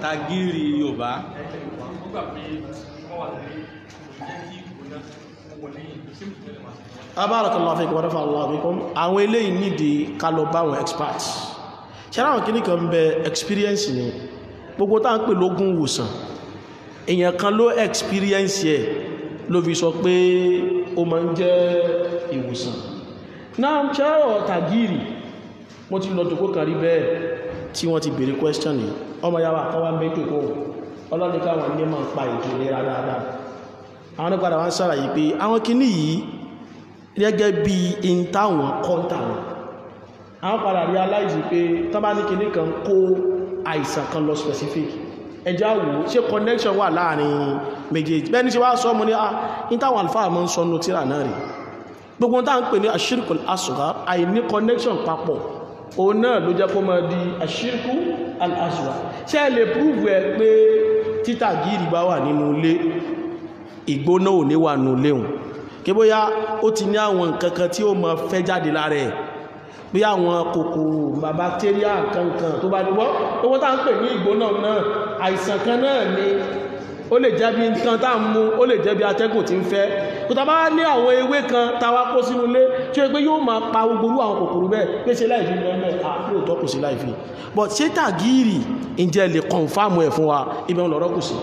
tagiri yorùbá abárakàlá fi kọ̀wọ́n fà lọ́wọ́ wípọ́n àwọn eléyìí nídìí kalọ̀ báwọn experts ṣẹ́rá àwọn kìíní kan bẹ experience ni gbogbo tá ń pè lógún wòsàn èèyàn kan ló experience ẹ̀ ló fi sọ pé ó máa ń jẹ́ ìwòsàn náà ṣẹ́rọ̀ tàgírì mo ti lọ jòkó kan rí bẹ́ẹ̀ tí wọ́n ti bèèrè question yìí ọmọ yàwà kan wá ń bẹ́ jòkó ọlọ́ni ní máa ń pa ètò ìlera dáadáa àwọn nípadà wá ń ṣàlàyé pé àwọn kinní yìí gẹ́gẹ́ bí in táwọn kọ́ńtà wọn àwọn padà realize pé tán bá ní kinní kan kó àìsàn kan lọ specific ẹjá wò ṣe connection wà láàrin méjèèjì bẹ́ẹ̀ ni ṣe wá sọ mú ní à ah, ní táwọn àlùfáà mọ́ ń sọ nù tíra náà rèé gbogbo tá à ń pè ní àṣírkù asghar àìní connection papọ̀ òun náà ló jẹ́ kó máa di àṣírkù al-ashwa ṣe lè prúfù ẹ pé títà gírì bá wà nínú ilé ìgbóná ò ní wà nínú ilé hùn kí bóyá ó ti ní àwọn nǹkan kan tí ó mọ fẹ́ jáde lára ẹ̀ bí àwọn kòkòrò bàbátéríà kankan tó bá ní owó tá ń ìgbóná náà àìsàn kan náà ni ó lè jẹ́ bí nǹkan tá ń mú ó lè jẹ́ bí atẹ́gùn tí ń fẹ́ kò tá bá ní àwọn ewé kan táwa kó sínú ilé tí ó pé yóò máa pa gbogbo àwọn kòkòrò bẹ́ẹ̀ pé ṣe láìfi lọ́mọ àpò tó kù sí láìfi but ṣé tàgírì ǹjẹ́ lè kọ̀ǹfàmù ẹ̀ fún wa ibẹ̀ ń lọ́rọ́ kù sí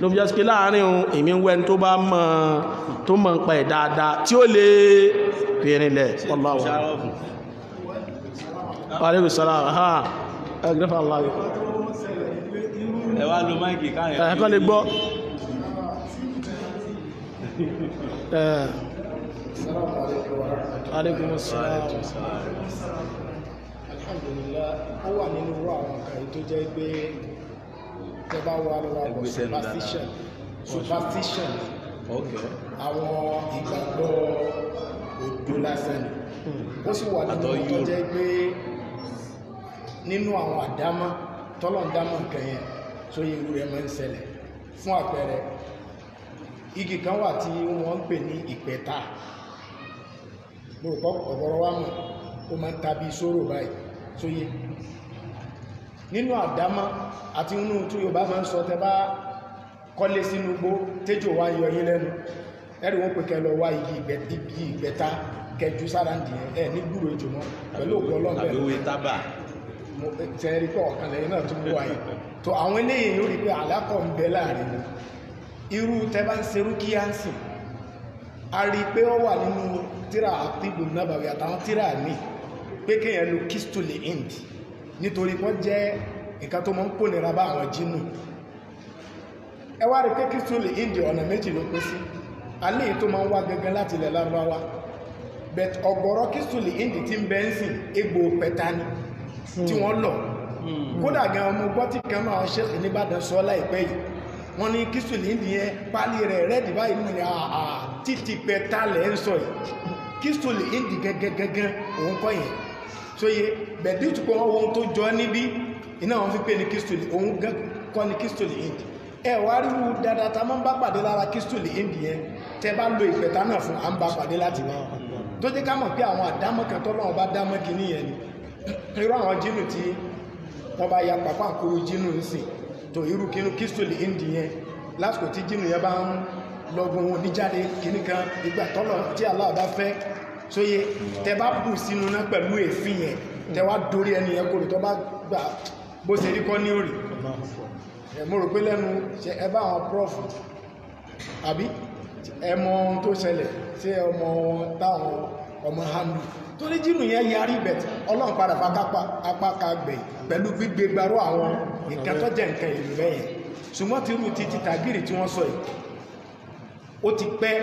ló fi jásí pé láàárín ohun èmi wẹ́ tó bá mọ̀ tó mọ̀ pa ẹ̀ dáadáa tí ó lè rìnrìnlẹ̀ ọlọ́wọ́ aleykum salaam ha ẹgbẹ́fà aláyọ̀ ẹ wá lo máìkì káyọ̀ ẹ̀ kọ́ lè gbọ́ aleykum alhamdulillah ó wà nínú irú àwọn kan tó jẹ́ pé tẹ bá wà lọ́wọ́ àwọn superstition superstition àwọn ìgbàgbọ́ òdo lásán ni hmm. ó sì wà nínú tó jẹ́ nínú àwọn àdámọ́ tọ́lọ̀ ń dámọ̀ nǹkan yẹn tó yẹ irú rẹ̀ máa ń ṣẹlẹ̀ fún àpẹẹrẹ igi kan wà tí wọ́n ń pè ní ìpẹ̀ta mo rò pọ̀ ọ̀bọ̀rọ̀ wa mọ̀ ó máa ń tàbí sóró báyìí tó yẹ nínú àdámọ́ àti inú tó Yorùbá máa ń sọ tẹ bá kọ́lé sínú gbó tẹ́jọ wá yọ yín lẹ́nu ẹ̀rù wọn pè kẹlọ wá igi ìgbẹ̀ta kẹjú sára ń dìyẹn ẹ̀ nígbúrò ìjùmọ̀ pẹ̀lú ògbọ́lọ́gbẹ̀ tẹ̀rí pé ọ̀kan lẹ́yìn náà tún wáyé tó àwọn eléyìí rí pé àlákọ̀ ń bẹ láàrin wọn irú tẹ́bá ń serú kí á ń sìn a rí pé ó wà nínú tíra àtìbù nábàwí àtàwọn tíra ní pé kéèyàn lo kistole ind nítorí wọ́n jẹ́ nǹkan tó mọ́ ń bá àwọn jínú ẹ wá rí pé ọ̀nà méjì tí wọ́n lọ hmm. kódà gan ọmọ gbọ́tí kan máa ṣe nígbàdàn sọ láìpẹ́ yìí wọ́n ní kí sùlìndì yẹn pálí rẹ̀ rẹ́dì báyìí mú ní àà títí pẹ tálẹ̀ ń sọ yìí kí sùlìndì gẹ́gẹ́gẹ́gẹ́ òun kọ́ yẹn tó yẹ bẹ̀dí ìtùkọ́ wọn ohun tó jọ níbí iná wọn fi pé ní kí sùlìndì òun kọ́ ní kí sùlìndì ẹ wá rí wu dáadáa tá a máa ń bá pàdé lára kí sùlìndì yẹn tẹ́ bá lo ìpẹ̀tà náà fún à ń bá pàdé láti wá tó jẹ́ ká mọ̀ pé àwọn àdámọ́ kan tọ́lọ́wọ́n bá dámọ́ kìíní yẹn ni irú àwọn jínù tí wọ́n bá ya pàpá àkúrú jínù ń sìn tó irú kínú kístòlì indi yẹn lásìkò tí jínù yẹn bá ń lọ́gbọ̀n wọn níjáde kìnnìkan ìgbà tọ́lọ̀ tí Allah bá fẹ́ sóye tẹ bá bù sínú náà pẹ̀lú èéfín yẹn tẹ wá dórí ẹni yẹn kòrò tó bá gbà bó ṣe rí kọ́ ní òrì mo rò pé lẹ́nu ṣe ẹ bá àwọn prof àbí ẹ mọ ohun tó ṣẹlẹ̀ ṣé ẹ mọ táwọn ọmọ handu torí jírù yẹn yarí bẹ̀t ọlọ́run padà fa kápá apá ká gbẹ̀yìn pẹ̀lú gbígbé gbarú àwọn nǹkan tó jẹ́ nǹkan ìlú bẹ́yẹn ṣùgbọ́n ti rú ti ti tàgírì tí wọ́n sọ yìí ó ti pẹ́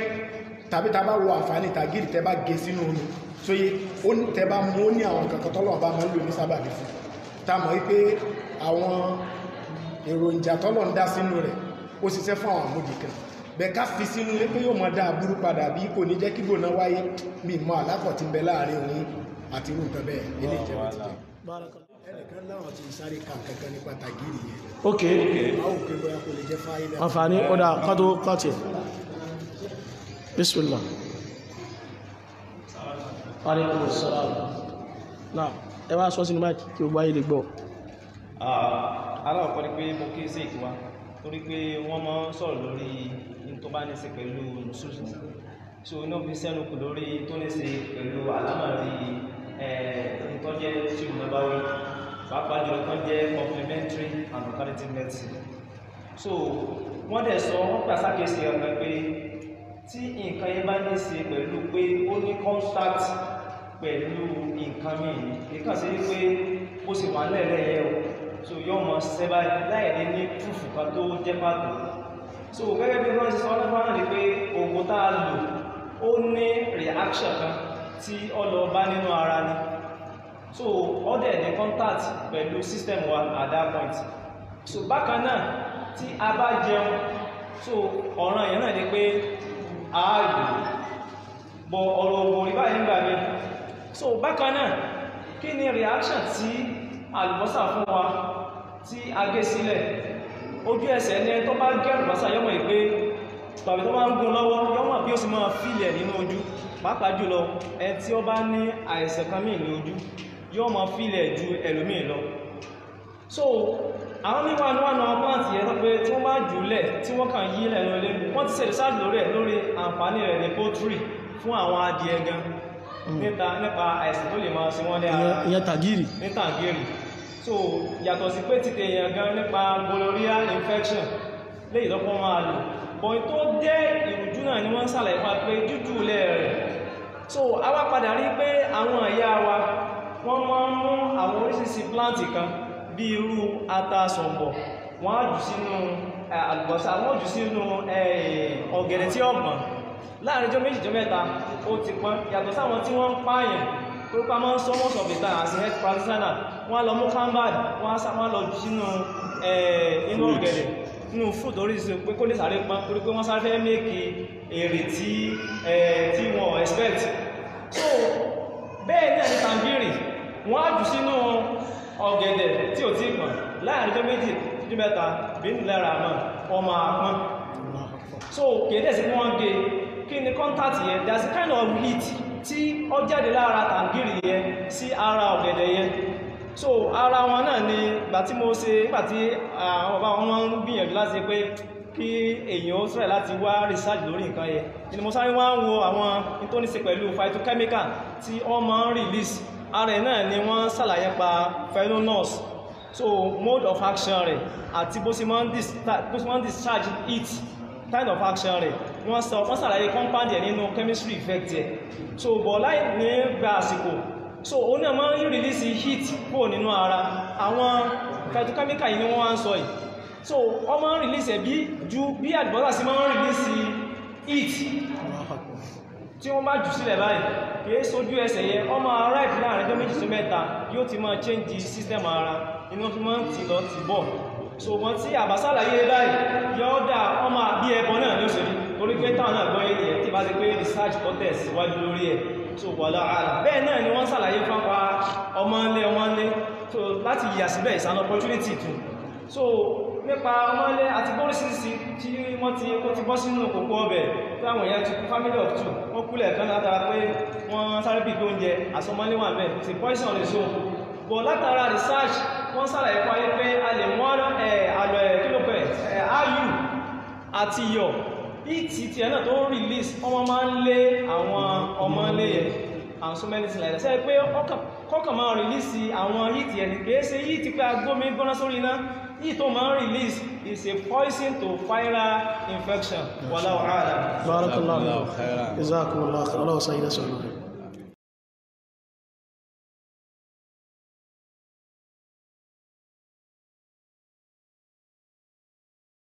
tàbí tá a bá wo àǹfààní tàgírì tẹ́ bá gé sínú omi tó yé tẹ́ bá mú ó ní àwọn kankan tọ́lọ́run bá máa ń lò ní sábàbí fún tá a mọ̀ wípé àwọn èròjà tọ́lọ́run dá sínú rẹ̀ ó ṣiṣẹ́ fún àwọn àmúdì kan bẹ̀ká fi sínú ilé pé yóò mọ dáa burú padà bí kò ní jẹ́ kígbò náà wáyé mi mọ àláfọ̀ tí ń bẹ láàrin òun àti irú nǹkan bẹ́ẹ̀ ilé ìjẹun ti jẹ. ẹnìkan láwọn ti sáré kan kankan nípa tàgírì yẹn. ok báwo pé bóyá kò lè jẹ fáyínà. àǹfààní ọ̀dà kátó kọ́ọ̀tì bisimilá. aleykum salaam. náà ẹ wá sọ sínú máìkì kí o gbọ́ ayé lè gbọ́. Ah, aláwọ̀ kọ́ pé mo kí sí ìtura torí pé wọ́n máa ń sọ̀rọ̀ lórí tó bá ní ṣe pẹ̀lú nùsùsù so iná fi sẹ́nu kù lórí tó ní ṣe pẹ̀lú àlámàrí ìtọ́jẹ́ tí mo bá wí pàápàá jùlọ kan jẹ́ complementary and alternative medicine so wọ́n dẹ̀ sọ wọ́n pàṣàkèsí ọ̀gá pé tí nǹkan yẹn bá ní ṣe pẹ̀lú pé ó ní contact pẹ̀lú nǹkan míì nǹkan sí wípé ó sì wà lẹ́lẹ́yẹ o so yọ́ mọ̀ sẹ́bà láìní ní túfù kan tó jẹ́ pàtó so gẹ́gẹ́ bí wọ́n ti sọ nípa náà ni pé oògùn tá a lò ó ní reaction kan tí ó lọ bá nínú ara ni so ó dẹ̀ ní contact pẹ̀lú system wa at that point so bákan náà tí a bá jẹun so ọ̀ràn yẹn náà ni pé a lò bọ ọ̀rọ̀ oògùn orí báyìí nígbà mi so bákan náà kí ni reaction tí àlùbọ́sà fún wa tí a gé sílẹ̀ ojú ẹsẹ̀ ní ẹ tó bá gé àlùbọ́sà yọmọ ìpé tàbí tó bá ń gún lọ́wọ́ yọmọ bí ó sì máa fílẹ̀ nínú ojú pàápàá jùlọ ẹ tí ó bá ní àìsàn kan míì ní ojú yóò máa fílẹ̀ ju ẹlòmíì lọ so àwọn mímọ̀ ní wọ́n náà pàǹtì ẹ̀ tọ́pẹ́ tí wọ́n bá jùlẹ̀ tí wọ́n kàn yí lẹ́nu ilé wọ́n ti ṣèlú sáàdì lórí ẹ̀ lórí àǹfààní rẹ̀ ní poultry fún àwọn adìẹ gan hmm. nípa àìsàn tó lè máa sí wọ́n ní ara ìyẹn tàgírì so yàtọ̀ sí pé ti tèèyàn gan nípa gonorrhea infection léyìí lọ́pọ̀ máa lò bọ̀ tó dé ìrújú náà ni wọ́n ń sàlàyé pa pé dúdú lẹ̀ rẹ̀ so a wá padà rí pé àwọn ìyá wa wọ́n máa ń mú àwọn oríṣiríṣi plant kan bí irú ata sọ̀bọ̀ wọ́n á jù sínú àlùbọ́sà wọ́n jù sínú ọ̀gẹ̀dẹ̀ tí ọ̀gbọ̀n láàrin jọ méjì jọ mẹ́ta ó ti pọ́n yàtọ̀ sáwọn tí wọ́n ń pààyàn orúkọ máa ń sọ most of the time as a health practitioner wọ́n á lọ mú cambad wọ́n á lọ sínú inú ọ̀gẹ̀dẹ̀ nínú fún torí ṣe pé kó lè sáré pọn torí pé wọ́n sáré fẹ́ méèkì èrè tí tí wọ́n expect so bẹ́ẹ̀ ní àti tàbírì wọ́n á jù sínú ọ̀gẹ̀dẹ̀ tí ò tí pọ̀n láàrin tó méjì tó mẹ́ta bí ní lára àmọ́ ọmọ àpọ́n so kèdè sí wọ́n gé kí ni contact yẹn there's a kind of heat tí ó jáde lára tàǹgìrì yẹn sí ara ọ̀gẹ̀dẹ̀ yẹn so ara wọn náà ni ìgbà tí mo ṣe nígbà tí àwọn bàbá wọn ń gbìyànjú láti pé kí èèyàn ó sọ̀rọ̀ láti wá research lórí nǹkan yẹn ni mo sáré wá ń wo àwọn tó ní ṣe pẹ̀lú phytochemical tí wọ́n máa ń release ara ẹ̀ náà ni wọ́n ṣàlàyé pa phenols so mode of action rẹ̀ àti bó ṣe máa ń discharge it kind of action rẹ̀ wọ́n sọ wọ́n sàlàyé compound ẹ̀ nínú chemistry effect ẹ̀ so bọ̀ láì ní gba àsìkò so òun náà máa ń release heat kúrò nínú ara àwọn phytochemical yìí ni wọ́n wá ń sọ yìí so wọ́n máa ń release ẹ̀ bí ju bí àdìbọ́sà sí máa ń release heat tí wọ́n bá jù sílẹ̀ báyìí kìí sójú ẹsẹ̀ yẹ ọmọ ara ìdí láàrin ọjọ́ méjì sí mẹ́ta yóò ti máa change the system ara inú fi máa ń tì lọ tì bọ̀ ṣùgbọ́n tí àbásàlàyé báyìí yọ́ dà ọmọ àbí ẹbọ náà ní òṣèlú torí pé táwọn náà gbọ́ yẹn tí bá ti pé research contest wájú lórí ẹ̀ tó wà láàrá bẹ́ẹ̀ náà ni wọ́n sàlàyé pápá ọmọ ilé tó láti yà síbẹ̀ is opportunity too so nípa ọmọ ilé àti bóríṣìíṣìí tí wọ́n ti kó ti bọ́ sínú kòkó ọbẹ̀ táwọn èèyàn ti eh, eh, eh, àti iyọ̀ ìtì tí ẹ̀ náà tó release ọmọ máa ń lé àwọn ọmọ lé yẹn and so many things like that sẹ́yìn pé kọ́kàn máa release àwọn ìtì ẹni kìí ṣe ìtì pé agbómi gbóná sórí iná ìtò máa ń release is a poison to viral infection wàláwàlá. barakallahu khairan jazakumullahu khairan ọlọ́wọ́ sáyé lẹ́sọ̀rọ̀ rẹ̀.